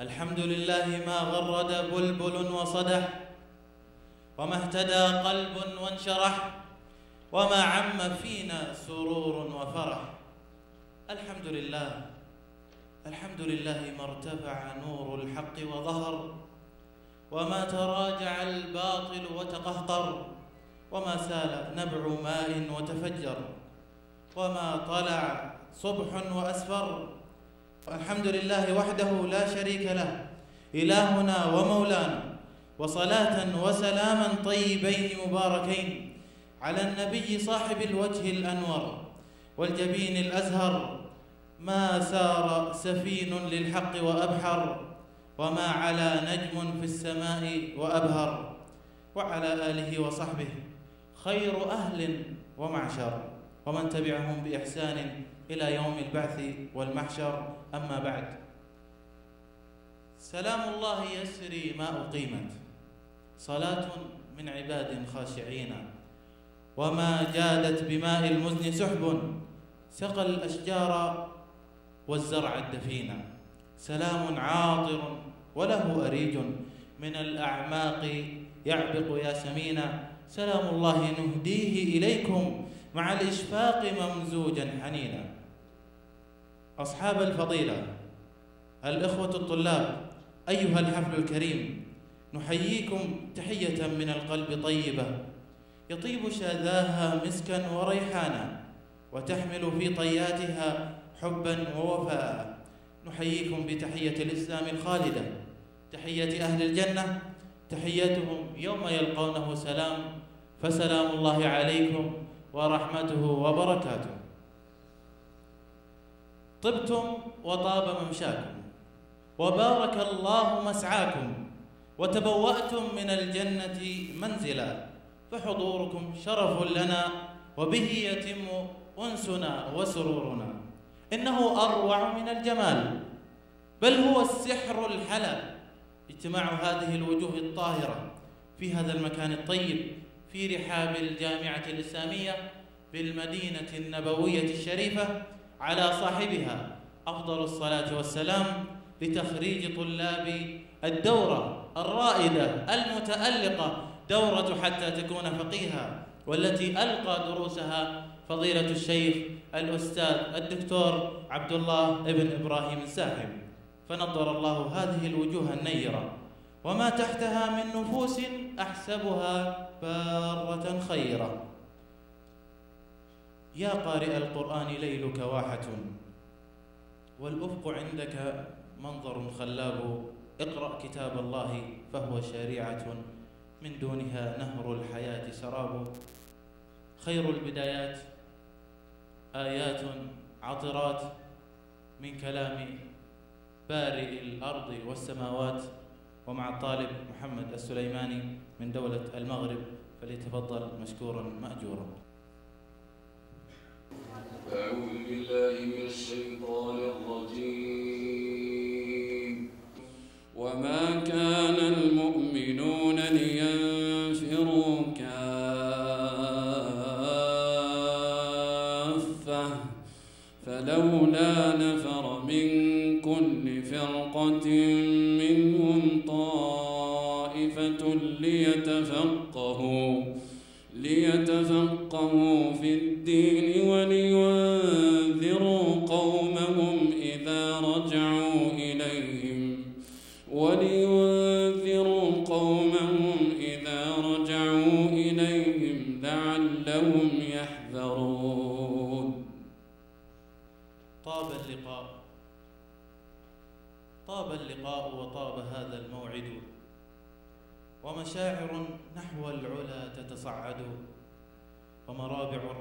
الحمد لله ما غرد بلبل وصدح وما اهتدى قلب وانشرح وما عم فينا سرور وفرح الحمد لله الحمد لله ما ارتفع نور الحق وظهر وما تراجع الباطل وتقهقر وما سال نبع ماء وتفجر وما طلع صبح وأسفر الحمد لله وحده لا شريك له إلهنا ومولانا وصلاة وسلاما طيبين مباركين على النبي صاحب الوجه الأنور والجبين الأزهر ما سار سفين للحق وأبحر وما على نجم في السماء وأبهر وعلى آله وصحبه خير أهل ومعشر ومن تبعهم بإحسان إلى يوم البعث والمحشر أما بعد سلام الله يسري ما أقيمت صلاة من عباد خاشعين وما جادت بماء المزن سحب سقى الأشجار والزرع الدفين سلام عاطر وله أريج من الأعماق يعبق ياسمينا سلام الله نهديه إليكم مع الإشفاق ممزوجا حنينا أصحاب الفضيلة الإخوة الطلاب أيها الحفل الكريم نحييكم تحية من القلب طيبة يطيب شذاها مسكا وريحانا وتحمل في طياتها حبا ووفاء نحييكم بتحية الإسلام الخالدة تحية أهل الجنة تحيتهم يوم يلقونه سلام فسلام الله عليكم ورحمته وبركاته طبتم وطاب ممشاكم وبارك الله مسعاكم وتبوأتم من الجنة منزلا فحضوركم شرف لنا وبه يتم أنسنا وسرورنا إنه أروع من الجمال بل هو السحر الحلى اجتماع هذه الوجوه الطاهرة في هذا المكان الطيب في رحاب الجامعة الإسلامية بالمدينة النبوية الشريفة على صاحبها أفضل الصلاة والسلام لتخريج طلاب الدورة الرائدة المتألقة دورة حتى تكون فقيها والتي ألقى دروسها فضيلة الشيخ الأستاذ الدكتور عبد الله ابن إبراهيم الساحب فنظر الله هذه الوجوه النيرة وما تحتها من نفوس أحسبها بارة خيرة يا قارئ القرآن ليلك واحة والأفق عندك منظر خلاب اقرأ كتاب الله فهو شريعة من دونها نهر الحياة سراب خير البدايات آيات عطرات من كلام بارئ الأرض والسماوات ومع الطالب محمد السليماني من دولة المغرب فليتفضل مشكورا مأجورا أعوذ بالله من الشيطان وَالْمُؤْمِنُونَ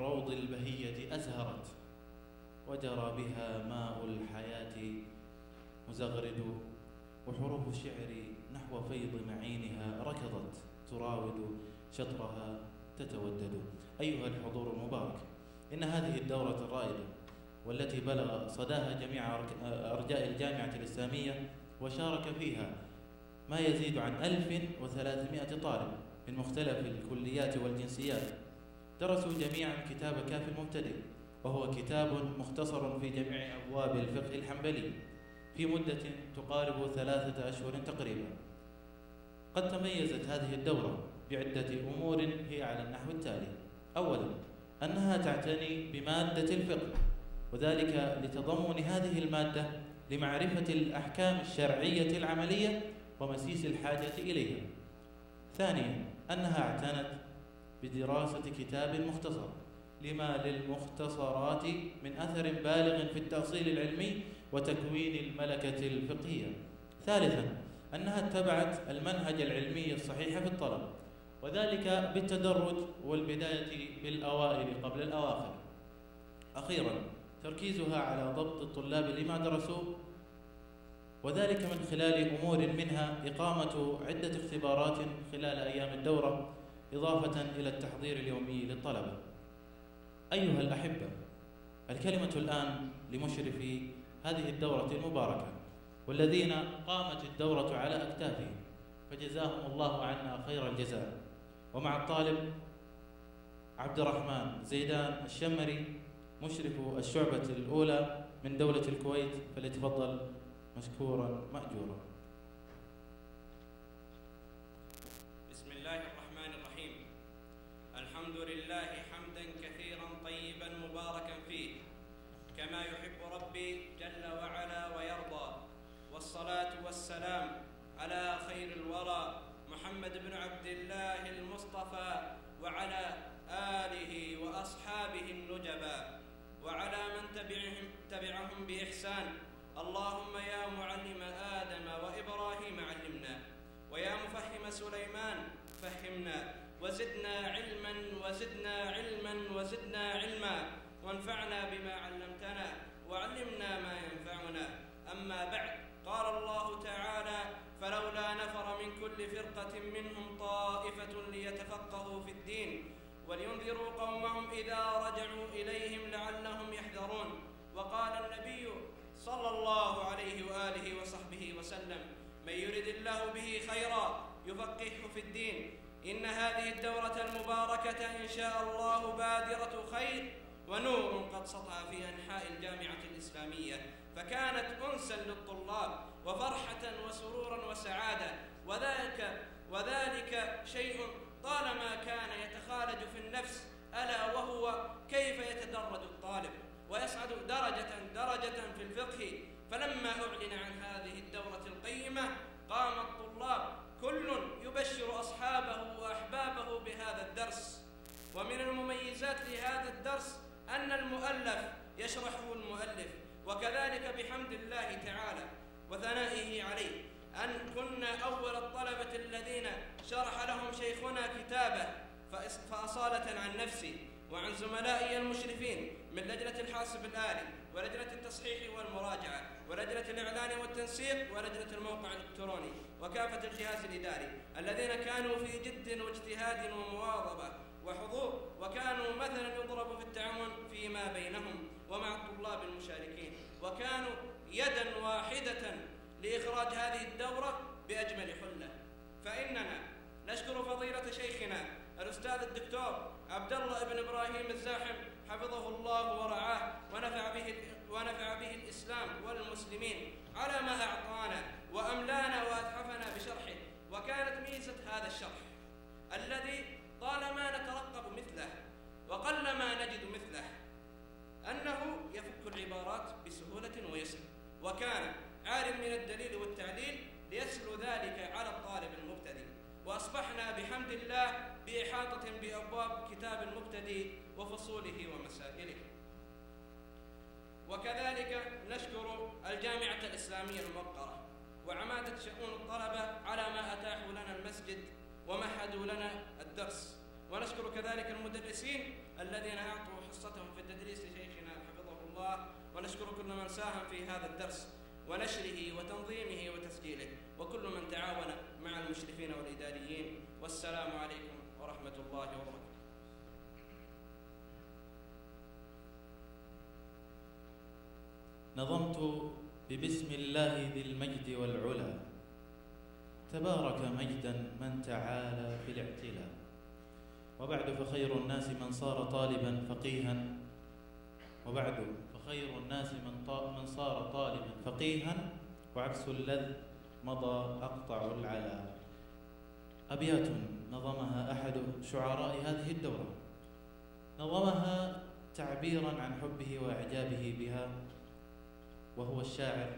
الروض البهية أزهرت وجرى بها ماء الحياة مزغرد وحروف الشعر نحو فيض معينها ركضت تراود شطرها تتودد أيها الحضور المبارك إن هذه الدورة الرائدة والتي بلغ صداها جميع أرجاء الجامعة الإسلامية وشارك فيها ما يزيد عن 1300 طالب من مختلف الكليات والجنسيات درسوا جميعا كتاب كاف المبتدئ وهو كتاب مختصر في جميع أبواب الفقه الحنبلي في مدة تقارب ثلاثة أشهر تقريبا قد تميزت هذه الدورة بعدة أمور هي على النحو التالي أولا أنها تعتني بمادة الفقه وذلك لتضمن هذه المادة لمعرفة الأحكام الشرعية العملية ومسيس الحاجة إليها ثانيا أنها اعتنت بدراسة كتاب مختصر لما للمختصرات من أثر بالغ في التأصيل العلمي وتكوين الملكة الفقهية ثالثا أنها اتبعت المنهج العلمي الصحيح في الطلب وذلك بالتدرج والبداية بالأوائل قبل الأواخر أخيرا تركيزها على ضبط الطلاب لما درسوه وذلك من خلال أمور منها إقامة عدة اختبارات خلال أيام الدورة إضافة إلى التحضير اليومي للطلبة أيها الأحبة الكلمة الآن لمشرفي هذه الدورة المباركة والذين قامت الدورة على أكتافهم فجزاهم الله عنا خير الجزاء ومع الطالب عبد الرحمن زيدان الشمري مشرف الشعبة الأولى من دولة الكويت فليتفضل مشكورا مأجورا لله حمدا كثيرا طيبا مباركا فيه كما يحب ربي جل وعلا ويرضى والصلاة والسلام على خير الورى محمد بن عبد الله المصطفى وعلى آله وأصحابه النجبى وعلى من تبعهم تبعهم بإحسان اللهم يا معلم آدم وإبراهيم علمنا ويا مفهم سليمان فهمنا وزدنا علما وزدنا علما وزدنا علما وانفعنا بما علمتنا وعلمنا ما ينفعنا أما بعد قال الله تعالى فلولا نفر من كل فرقة منهم طائفة ليتفقهوا في الدين ولينذروا قومهم إذا رجعوا إليهم لعلهم يحذرون وقال النبي صلى الله عليه وآله وصحبه وسلم من يرد الله به خيرا يفقهه في الدين إن هذه الدورة المباركة إن شاء الله بادرة خير ونور قد سطع في أنحاء الجامعة الإسلامية فكانت أنسا للطلاب وفرحة وسرورا وسعادة وذلك وذلك شيء طالما كان يتخالج في النفس ألا وهو كيف يتدرج الطالب ويصعد درجة درجة في الفقه فلما أعلن عن وثنائه عليه أن كنا أول الطلبة الذين شرح لهم شيخنا كتابه فأصالة عن نفسي وعن زملائي المشرفين من لجنة الحاسب الآلي ولجنة التصحيح والمراجعة ولجنة الإعلان والتنسيق ولجنة الموقع الإلكتروني وكافة الجهاز الإداري الذين كانوا في جد واجتهاد ومواظبة وحضور وكانوا مثلا يضرب في التعاون فيما بينهم ومع الطلاب المشاركين وكانوا يدا واحدة لإخراج هذه الدورة بأجمل حلة فإننا نشكر فضيلة شيخنا الأستاذ الدكتور عبد الله بن إبراهيم الزاحم حفظه الله ورعاه ونفع به ونفع به الإسلام والمسلمين على ما أعطانا وأملانا وأتعفنا بشرحه وكانت ميزة هذا الشرح الذي طالما نترقب مثله وقلما نجد مثله أنه يفك العبارات بسهولة ويسر وكان عار من الدليل والتعليل ليسهل ذلك على الطالب المبتدئ وأصبحنا بحمد الله بإحاطة بأبواب كتاب المبتدئ وفصوله ومسائله وكذلك نشكر الجامعة الإسلامية الموقرة وعمادة شؤون الطلبة على ما أتاحوا لنا المسجد ومهدوا لنا الدرس ونشكر كذلك المدرسين الذين أعطوا حصتهم في التدريس لشيخنا حفظه الله ونشكر كل من ساهم في هذا الدرس ونشره وتنظيمه وتسجيله وكل من تعاون مع المشرفين والإداريين والسلام عليكم ورحمة الله وبركاته نظمت ببسم الله ذي المجد والعلا تبارك مجدا من تعالى في الاعتلاء وبعد فخير الناس من صار طالبا فقيها وبعد خير الناس من, من صار طالبا فقيها وعكس الذ مضى أقطع العلا أبيات نظمها أحد شعراء هذه الدورة نظمها تعبيرا عن حبه وإعجابه بها وهو الشاعر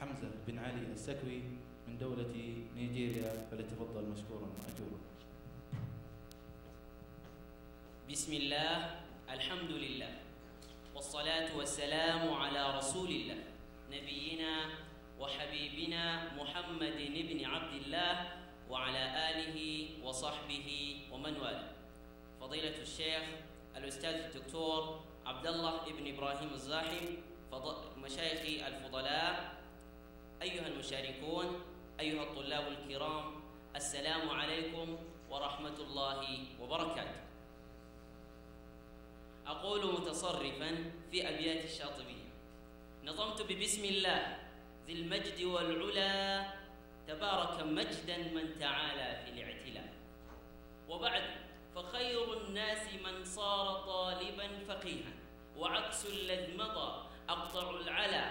حمزة بن علي السكوي من دولة نيجيريا فليتفضل مشكورا ماجورا بسم الله الحمد لله والصلاة والسلام على رسول الله نبينا وحبيبنا محمد بن عبد الله وعلى آله وصحبه ومن والاه فضيلة الشيخ الأستاذ الدكتور عبد الله بن إبراهيم الزاحم مشايخ الفضلاء أيها المشاركون أيها الطلاب الكرام السلام عليكم ورحمة الله وبركاته أقول متصرفا في أبيات الشاطبية نظمت ببسم الله ذي المجد والعلا تبارك مجدا من تعالى في الاعتلاء وبعد فخير الناس من صار طالبا فقيها وعكس الذي مضى أقطع العلا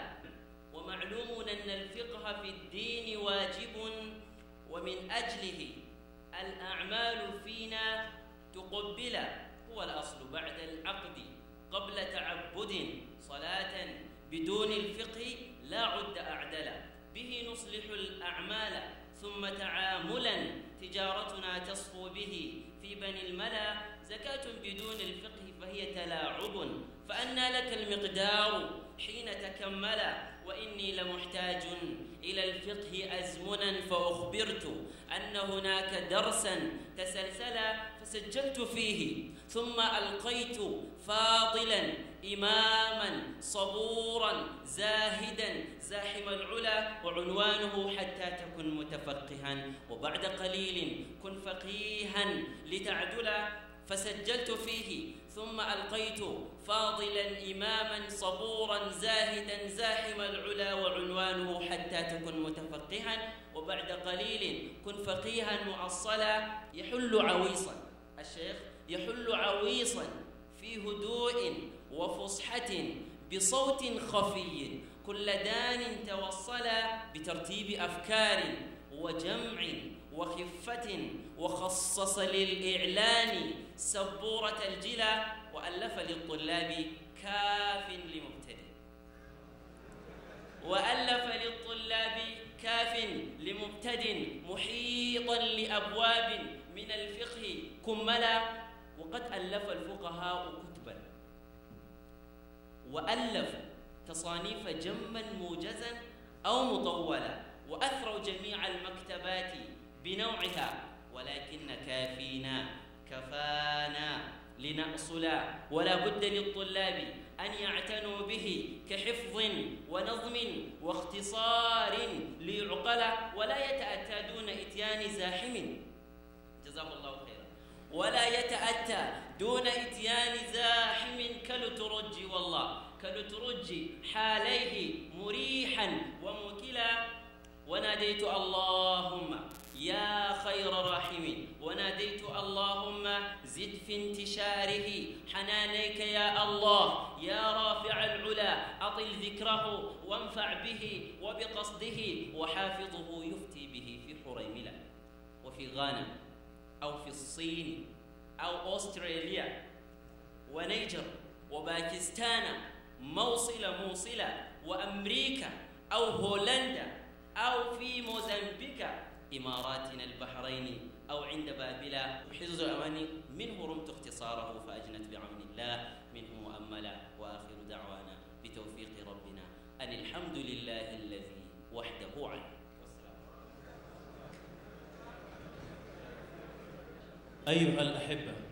ومعلوم أن الفقه في الدين واجب ومن أجله الأعمال فينا تقبلا والأصل بعد العقد قبل تعبد صلاة بدون الفقه لا عد أعدلا به نصلح الأعمال ثم تعاملا تجارتنا تصفو به في بني الملا زكاة بدون الفقه فهي تلاعب فأنى لك المقدار حين تكمل وإني لمحتاج إلى الفقه أزمنا فأخبرت أن هناك درسا تسلسلا سجلت فيه ثم ألقيت فاضلا إماما صبورا زاهدا زاحم العلا وعنوانه حتى تكن متفقها وبعد قليل كن فقيها لتعدل فسجلت فيه ثم ألقيت فاضلا إماما صبورا زاهدا زاحم العلا وعنوانه حتى تكن متفقها وبعد قليل كن فقيها معصلا يحل عويصا الشيخ يحل عويصا في هدوء وفصحة بصوت خفي كل دان توصل بترتيب أفكار وجمع وخفة وخصص للإعلان سبورة الجلا وألف للطلاب كاف لمبتدئ وألف للطلاب كاف لمبتدئ محيطا لأبواب من الفقه كملا وقد ألف الفقهاء كتبا وألفوا تصانيف جما موجزا أو مطولا وأثروا جميع المكتبات بنوعها ولكن كافينا كفانا لنأصلا ولا بد للطلاب أن يعتنوا به كحفظ ونظم واختصار ليعقل ولا يتأتى دون إتيان زاحم جزاكم الله خيرا ولا يتأتى دون إتيان زاحم كالترج والله كالترج حاليه مريحا وموكلا وناديت اللهم يا خير راحم وناديت اللهم زد في انتشاره حنانيك يا الله يا رافع العلا أطل ذكره وانفع به وبقصده وحافظه يفتي به في حريملة وفي غانم أو في الصين أو أستراليا ونيجر وباكستان موصلة موصلة وأمريكا أو هولندا أو في موزمبيق إماراتنا البحرين أو عند بابلة وحزز أماني منه رمت اختصاره فأجنت بعون الله منه مؤملا وآخر دعوانا بتوفيق ربنا أن الحمد لله الذي وحده علم أيها الأحبة